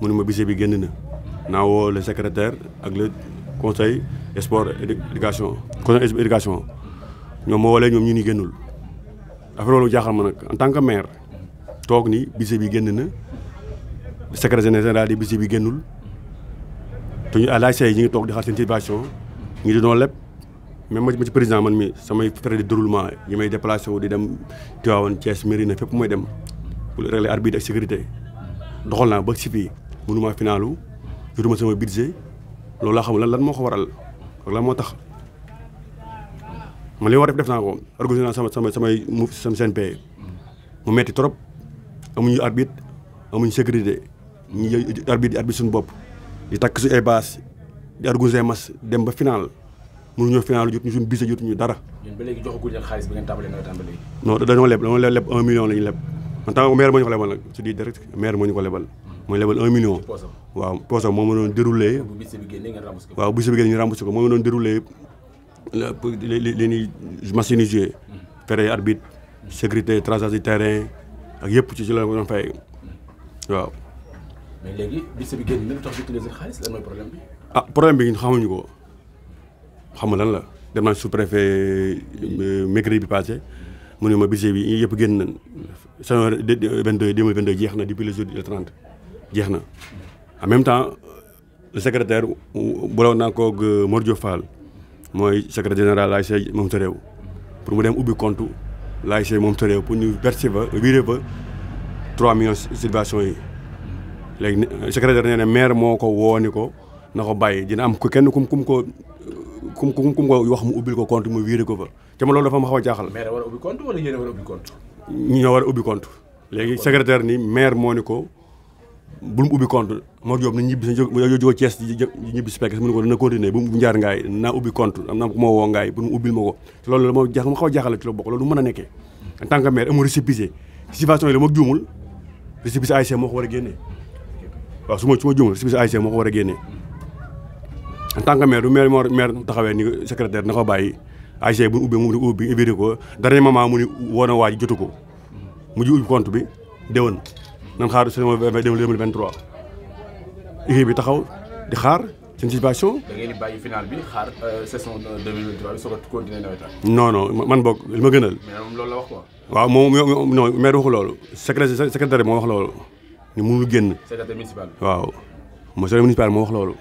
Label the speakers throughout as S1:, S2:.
S1: mu ne ma budget bi génn na naa woo le secrétaire ak le conseil sport éducation conseil éducation ñoom moo walee ñoom ñu ni génnul affaire loolu jaaxal ma nag en tant que maire toog ni budget bi génn na secrétaire général di budget bi génnul te ñu laajte yi ñu ngi toog di xaar seen situation ñu di doon lépp même ma ci président man mi samay frais de déroulement yi may déplacé wu di dem Tivaouane Thiès na fépp mooy dem pour régler arbitre ak naa ba si fii mënuma finaalu jotuma sama budget loolu laa lan lan moo ko waral lan moo tax man li war def def naa ko organisé naa sama samay mu sama CNP mu metti trop amuñu ñu arbitre di arbitre suñu bopp di takk ñu dara.
S2: ñun ba léegi joxagul leen xaalis bi ngeen tàmbalee nawetaan
S1: ba leb leb un million la ñu leb man tant que maire moo ñu ko lebal nag su di direct maire moo ñu ko lebal. mooy lebal 1 million. waaw poosam moo ma doon déroulé. waaw bu bis bi génne ñu remboursé ko moo ma doon déroulé le li ñuy machines hmm. yi arbitre sécurité traçage du terrain ak yépp ci ci la ma doon fay waaw.
S2: mais léegi bis bi génn même tax utiliser xaliss la moy problème bi.
S1: ah problème bi xamuñu ko xam lan la dem naa sous-préfet mercredi hmm. euh, bi passé mu ne ma budget bi yëpp génn nañ saison 22 2022 jeex na depuis le jour du 30. jeex na en même temps secretaire secrétaire boloon naa koog euh, Mor mooy secrétaire général l'ASC moom sa réew pour mu dem ubbi compte l'ASC moom sa réew pour ñu verser ba viré ba 3 millions situation yi léegi euh, secrétaire nee na maire moo ko woo ni ko na ko bàyyi dina am ko kenn kum kum ko kum kum kum ko wax mu ubbil ko compte mu viré ko fa te ma loolu dafa ma xaw a jaaxal. maire war
S2: a ubbi compte wala ñoo
S1: war a ubbi compte léegi secrétaire ni maire moo ni ko. bu mu ubbi compte Mor Diop na ñibbi sa jóge Thiès ñibbi si pekk mu ne ko dana continuer bu mu njaar ngaay naa ubbi compte am naa ko moo woo ngaay pour mu ubbil ma ko loolu la moo jax ma xaw a jaaxale ci la bokk loolu mën a nekkee en tant que maire amoo récépissé situation yi la ma juumul récépissé ASC moo ko war a génnee waaw su ma su ma juumul récépissé ASC moo ko war a génnee en tant que maire du maire moo maire taxawee ni secrétaire na ko bàyyi ASC bu ubbee mu ubbi évité ko dernier moment mu ni woon a waaj jotu ko mu ji ubbi compte bi déwén nan xaar saison 2023 équipe bi taxaw di xaar seen situation.
S2: da ngeen di bàyyi bi xaar euh, saison 2023 soo ko continuer nawetaan.
S1: non non man boog li ma gënal. mais
S2: moom loolu la wax quoi.
S1: waaw moom non maire waxu loolu secrétaire secrétaire ñu mënul génn. secrétaire municipal bi waaw. monsieur municipal wax loolu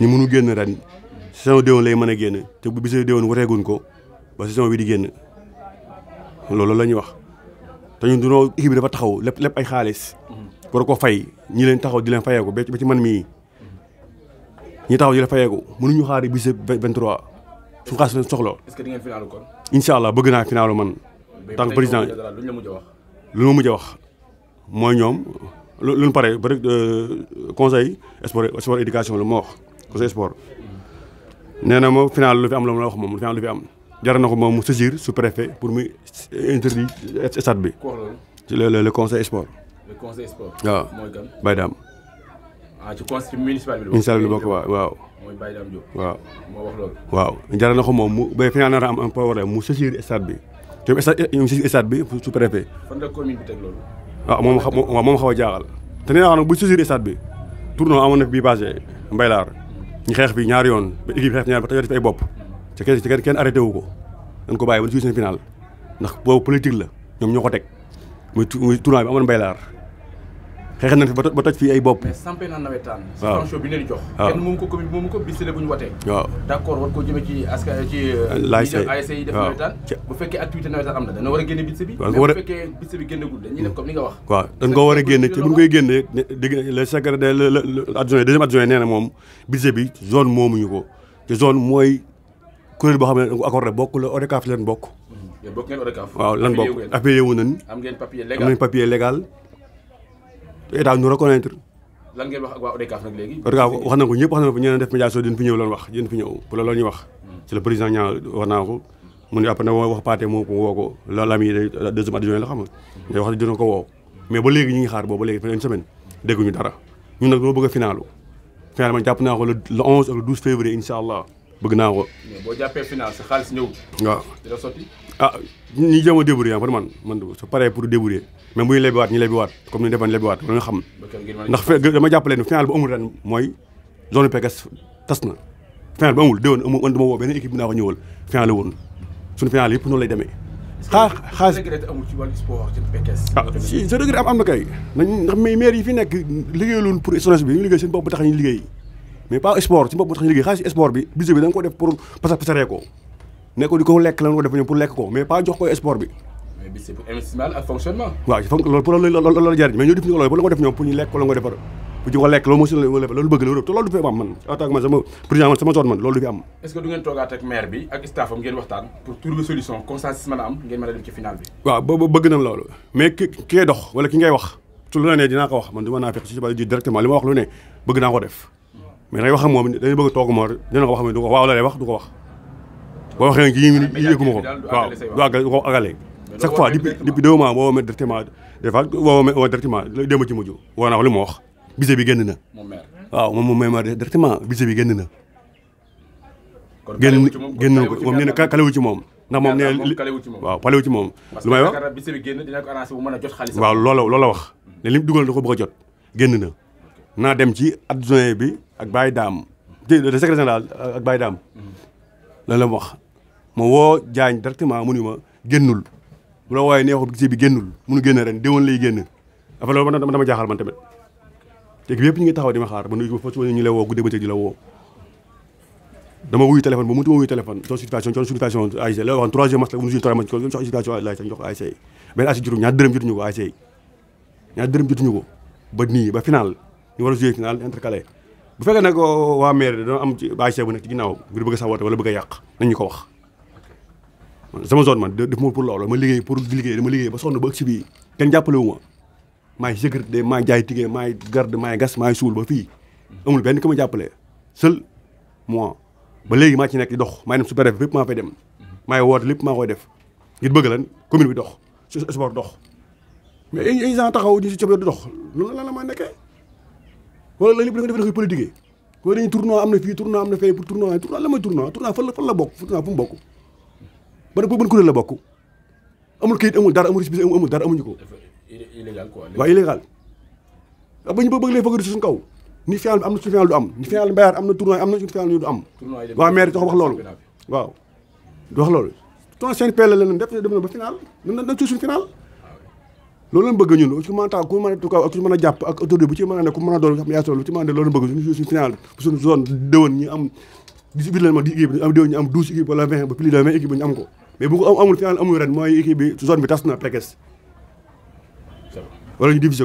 S1: ñu génn ren saison déwén lay a génn te bu bisee déwén ko ba saison bi di génn loolu la wax. te ñun dunoo équipe dafa taxaw lépp lépp ay xaalis mm-hmm. war ko fay ñi leen taxaw di leen fayeeku ba ci man mii mm-hmm. ñi taxaw di la fayeeku mënuñu xaar ñu xaari suñu xaalis leen soxla. est-ce que di ngeen finaalu kon. allah bëgg naa finaalu man.
S2: tant que président lu la mujj a wax.
S1: lu ma mujj a wax mooy ñoom lu lu pare ba rek euh, conseil sport sport éducation la ma wax conseil sport mm-hmm. nee na ma final lu fi am la ma wax moom final lu fi am. jarana ko moom saisir sous préfet pour muy interdire stade bi. le le conseil sport. le conseil sport. waaw mooy kan Baye
S2: ah ci conseil municipal bi. municipal bi bokk waaw moy mooy Baye Dame Diop. waaw moo wax loolu.
S1: waaw jarana ko moom bay ba final nar am un problème mu saisir stade bi tu stade ñu stade bi sous préfet.
S2: fan la commune bi tek loolu. waaw ah, mom xaw
S1: waaw moom xaw a jaaxal. te bu saisir stade bi tournoi amone bi fi bii passé Mbaylaar ñu xeex fi ñaari yoon ba équipe xeex ñaar ba tajooti fi ay bopp te kenn kenn arrêté wu ko. dañ ko bàyyi ba seen final ndax boobu politique la ñoom ñoo ko teg muy muy tournoi bi amoon mbay laar xeexal nañ fi ba toj fii ay bopp.
S2: waaw subvention euh, war a génne bise bi. waaw bu dañuy def mm. comme ni nga wax. waaw dañ war a génne ci bu ñu koy
S1: génne le secrétaire le le adjoint deuxième adjoint nee na moom bise bi zone moomuñu ko te zone mooy kuréel boo xam ne accordé bokk la ODECAF leen bokk. Mm-hmm. yéen bokk ngeen ODECAF. waaw lan bokk appuyé wu nañ. am ngeen papier légal am nañ papier légal état ñu reconnaître.
S2: lan ngeen wax ak waa ODECAF nag léegi. ODCAV wax na
S1: ko ñëpp wax na ko ñeneen def médiation dinañ fi ñëw lan wax dinañ fi ñëw pour loolu ñuy wax. ci mm-hmm. le président ñaa wax naa ko mu ne après na wax Pathé moo ko woo ko la lam yi deuxième adjoint la xam nga. day mm-hmm. wax dina ko woo mais ba léegi ñu ngi xaar boobu ba léegi fa une semaine dégguñu dara ñun nag doo bëgg a finalu finalement jàpp naa ko le 11 ak le 12 février incha allah bëgg naa ko.
S2: boo jàppee final sa xaalis ñëw. waaw dina sotti.
S1: ah ñi jéem par man man su paree pour débrouiller mais muy lebiwaat ñu lebiwaat comme ni defoon lebiwaat loolu nga xam. ndax fe dama jàppale ne final bu amul ren mooy zone PKS tas na. final bu amul déwén amul man benn équipe naa ko ñëwal final la woon suñu final yëpp noonu lay demee. xaar xaar
S2: regret amul ci wàllu ah, am am na kay
S1: ndax mais maire yi fi nekk liggéeyaloon pour SONES bi ñu liggéey seen bopp ba tax ñu liggéey mais pas sport ci bopp moo tax ñu liggéey xaalis sport bi budget bi da ko def pour pasar pasaree ko ne di ko lekk la nga ko def pour lekk ko mais pas jox ko sport bi waaw boobu bëgg nañ loolu mais ki ki dox wala ki ngay wax su lu la ne dinaa ko wax man du ma naa fekk si si di directement li ma wax lu ne bëgg naa ko def mais dangay wax ak moom dañu bëgg a toog moom dina ko wax mais du ko waaw la lay wax du ko wax boo waxee nag ni yëgguma ko waaw du àggale du ko àggale chaque fois depuis depuis deux mois boo woo directement des fois boo woo directement démb ci mujj woo naa ko li ma wax bise bi génn na waaw moom moom ma directement bise bi génn na génn génn na ko moom nee na wu ci moom ndax moom nee waaw pale wu ci moom lu may
S2: wax bise bi dina ko arrangé bu jot waaw loolu
S1: loolu wax ne li mu dugal da ko bëgg a jot génn na na dem ci adjoint bi ak Baye Dame le secrétaire général ak Baye Dame lan la mu wax ma wo Diagne directement munuma génnul bu la waye neexu ci bi génnul munu génn ren dewon lay génn afa loolu man dama jaxal man tamit te yëpp ñi ngi taxaw di ma xaar ba nuyu fa ci ñu la wo gu bëccëg di la wo dama wuyu téléphone bu mu tuma wuyu téléphone son situation son situation ay ASC la 3e match la mu suñu troisième match ko jox situation ASC jox ASC benn ASC juróom ñaar deureum dërëm ñu ko ay ASC ñaar deureum dërëm ñu ko ba ni ba final ñu war a joué final intercalé bu fekkee nag euh, waa maire dañoo am ci bâche bu nekk ci ginnaaw ngir bëgg a saboté wala bëgg a yàq nañ ñu ko wax sama zone man def ma pour loolu ma liggéey pour di liggéey dama liggéey ba sonn ba ëgg si bii kenn jàppale wu ma maay sécurité maay jaay tigee maay garde maay gas maay suul ba fii amul benn ku ma jàppale seul moi ba léegi maa ci nekk di dox maay dem super fépp maa fay dem maay woote lépp maa koy def ngir bëgg lan commune bi dox sport dox mais ay gens taxaw ñu si cob loolu lan la maa wala la lépp da nga defee da koy politiquer ko dañuy tournoi am na fii tournoi am na fee pour tournoi tournoi la mooy tournoi tournoi fan fu mu bokk ban ban kuréel la bokk amul kayit amul dara amul récépissé amul ko illégal quoi waaw a ba ñu bëgg lay ni final bi am na suñu am na tournoi am na suñu final du am
S2: waa maire tax wax loolu
S1: waaw wax loolu tournoi CNP la leen def def na ba final na na suñu final loolu lañ bëgg ñun mana tak, ku mana tukar, tukaw mana mën a jàpp ak mana nak, ci mana a ne ku mën a doon yaa toll ci mën a final bu suñu zone déwén ñi am di bi leen ma di équipe am déwén ñi am 12 équipe wala 20 ba plus de 20 équipe ñu am ko mais bu ko am amul final amul ren mooy équipe bi zone bi tas na pekes. wala ñu divisé